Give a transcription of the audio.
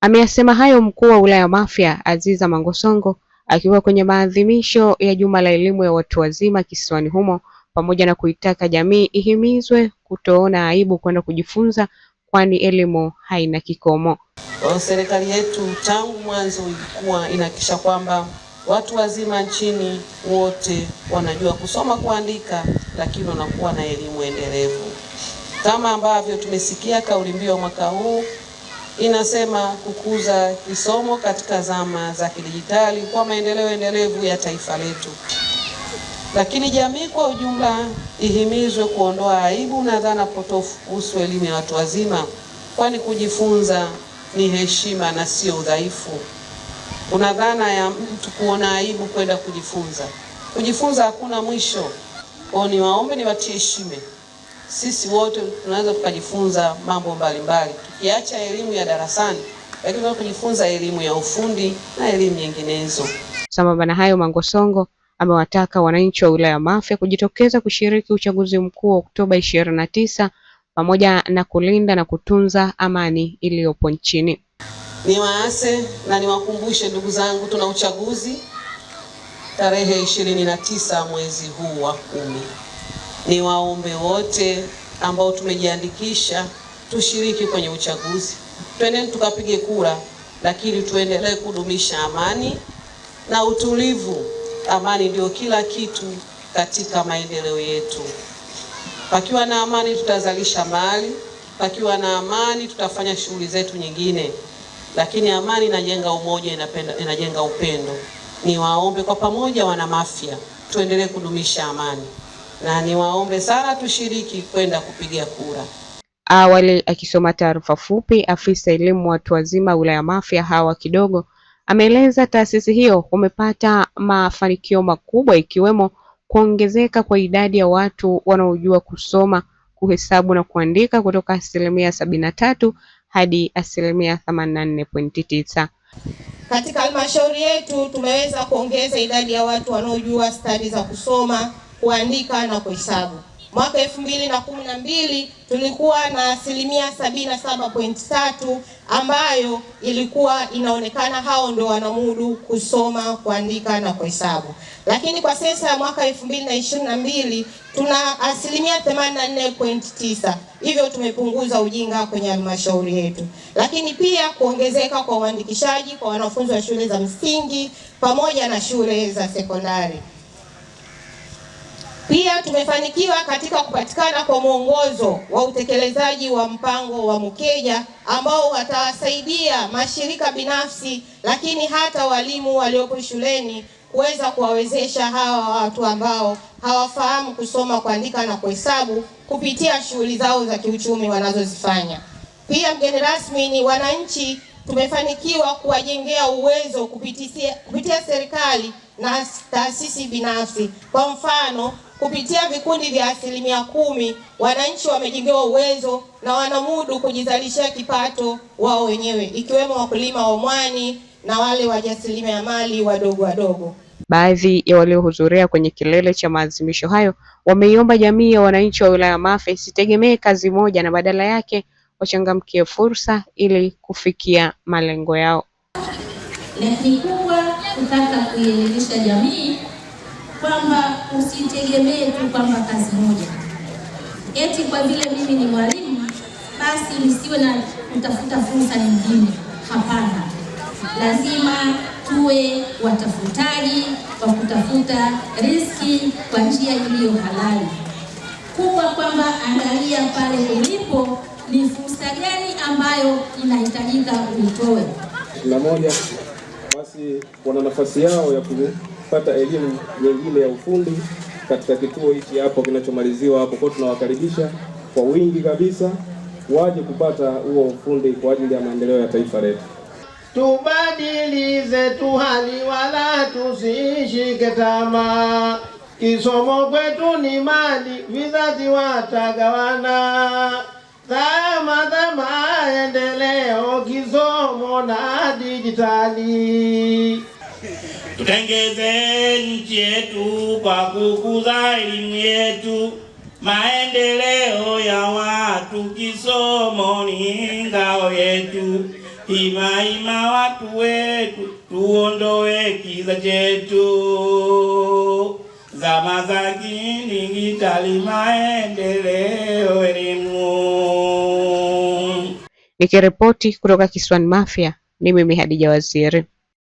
Ameyasema hayo mkuu wa wilaya Mafia Aziza Mangosongo akiwa kwenye maadhimisho ya Juma la Elimu ya Watu Wazima kisiwani humo pamoja na kuitaka jamii ihimizwe kutoona aibu kwenda kujifunza kwani elimu haina kikomo. Serikali yetu tangu mwanzo ilikuwa inahakikisha kwamba watu wazima nchini wote wanajua kusoma, kuandika, lakini wanakuwa na elimu endelevu kama ambavyo tumesikia kauli mbiu mwaka huu inasema kukuza kisomo katika zama za kidijitali kwa maendeleo endelevu ya taifa letu. Lakini jamii kwa ujumla ihimizwe kuondoa aibu na dhana potofu kuhusu elimu ya watu wazima, kwani kujifunza ni heshima na sio udhaifu. Kuna dhana ya mtu kuona aibu kwenda kujifunza. Kujifunza hakuna mwisho. Kwa niwaombe niwatie heshima sisi wote tunaweza tukajifunza mambo mbalimbali, tukiacha elimu ya darasani, lakini tunaweza kujifunza elimu ya ufundi na elimu nyinginezo. Sambamba na hayo, Mangosongo amewataka wananchi wa wilaya Mafia kujitokeza kushiriki uchaguzi mkuu wa Oktoba ishirini na tisa pamoja na kulinda na kutunza amani iliyopo nchini. Niwaase na niwakumbushe ndugu zangu, tuna uchaguzi tarehe ishirini na tisa mwezi huu wa kumi ni waombe wote ambao tumejiandikisha tushiriki kwenye uchaguzi, twendeni tukapige kura, lakini tuendelee kudumisha amani na utulivu. Amani ndio kila kitu katika maendeleo yetu. Pakiwa na amani, tutazalisha mali. Pakiwa na amani, tutafanya shughuli zetu nyingine, lakini amani inajenga umoja, inapenda, inajenga upendo. Ni waombe kwa pamoja, wana Mafia, tuendelee kudumisha amani na niwaombe sana tushiriki kwenda kupiga kura. Awali akisoma taarifa fupi, afisa elimu watu wazima wilaya Mafia Hawa Kidogo ameeleza taasisi hiyo umepata mafanikio makubwa ikiwemo kuongezeka kwa idadi ya watu wanaojua kusoma, kuhesabu na kuandika kutoka asilimia sabini na tatu hadi asilimia themanini na nne pointi tisa. Katika halmashauri yetu tumeweza kuongeza idadi ya watu wanaojua stadi za kusoma kuandika na kuhesabu. Mwaka elfu mbili na kumi na mbili tulikuwa na asilimia sabini na saba tatu ambayo ilikuwa inaonekana hao ndio wanamudu kusoma, kuandika na kuhesabu, lakini kwa sasa mwaka elfu mbili na ishirini na mbili tuna asilimia themanini na nne tisa. Hivyo tumepunguza ujinga kwenye halmashauri yetu, lakini pia kuongezeka kwa uandikishaji kwa wanafunzi wa shule za msingi pamoja na shule za sekondari. Pia tumefanikiwa katika kupatikana kwa mwongozo wa utekelezaji wa mpango wa Mukenya ambao watawasaidia mashirika binafsi, lakini hata walimu waliopo shuleni kuweza kuwawezesha hawa watu ambao hawafahamu kusoma, kuandika na kuhesabu kupitia shughuli zao za kiuchumi wanazozifanya. Pia mgeni rasmi, ni wananchi tumefanikiwa kuwajengea uwezo kupitia, kupitia serikali na taasisi binafsi. Kwa mfano Kupitia vikundi vya asilimia kumi, wananchi wamejengewa uwezo na wanamudu kujizalishia kipato wao wenyewe, ikiwemo wakulima wa mwani na wale wajasiriamali wadogo wadogo. Baadhi ya waliohudhuria kwenye kilele cha maadhimisho hayo wameiomba jamii ya wananchi wa wilaya Mafe isitegemee kazi moja na badala yake wachangamkie fursa ili kufikia malengo yao. Lakini kubwa kutaka kuielimisha jamii kwamba usitegemee tu kwamba kazi moja, eti kwa vile mimi ni mwalimu basi nisiwe na kutafuta fursa nyingine. Hapana, lazima tuwe watafutaji wa kutafuta riski kwa njia iliyo halali, kubwa kwamba angalia pale ulipo ni fursa gani ambayo inahitajika uitoe nafasi wana nafasi yao ya kupata elimu nyingine ya ufundi katika kituo hichi hapo kinachomaliziwa hapo. Kwa tunawakaribisha kwa wingi kabisa waje kupata huo ufundi kwa ajili ya maendeleo ya taifa letu. Tubadilize tu hali wala tusishike tamaa. Kisomo kwetu ni mali, vizazi watagawana zama maendeleo, kisomo na dijitali. Tutengeze nchi yetu kwa kukuza elimu yetu, maendeleo ya watu, kisomo ni ngao yetu, imaima watu wetu, tuondoe kiza chetu, zama za kidijitali, maendeleo elimu nikiripoti kutoka kisiwani mafia ni mimi hadija waziri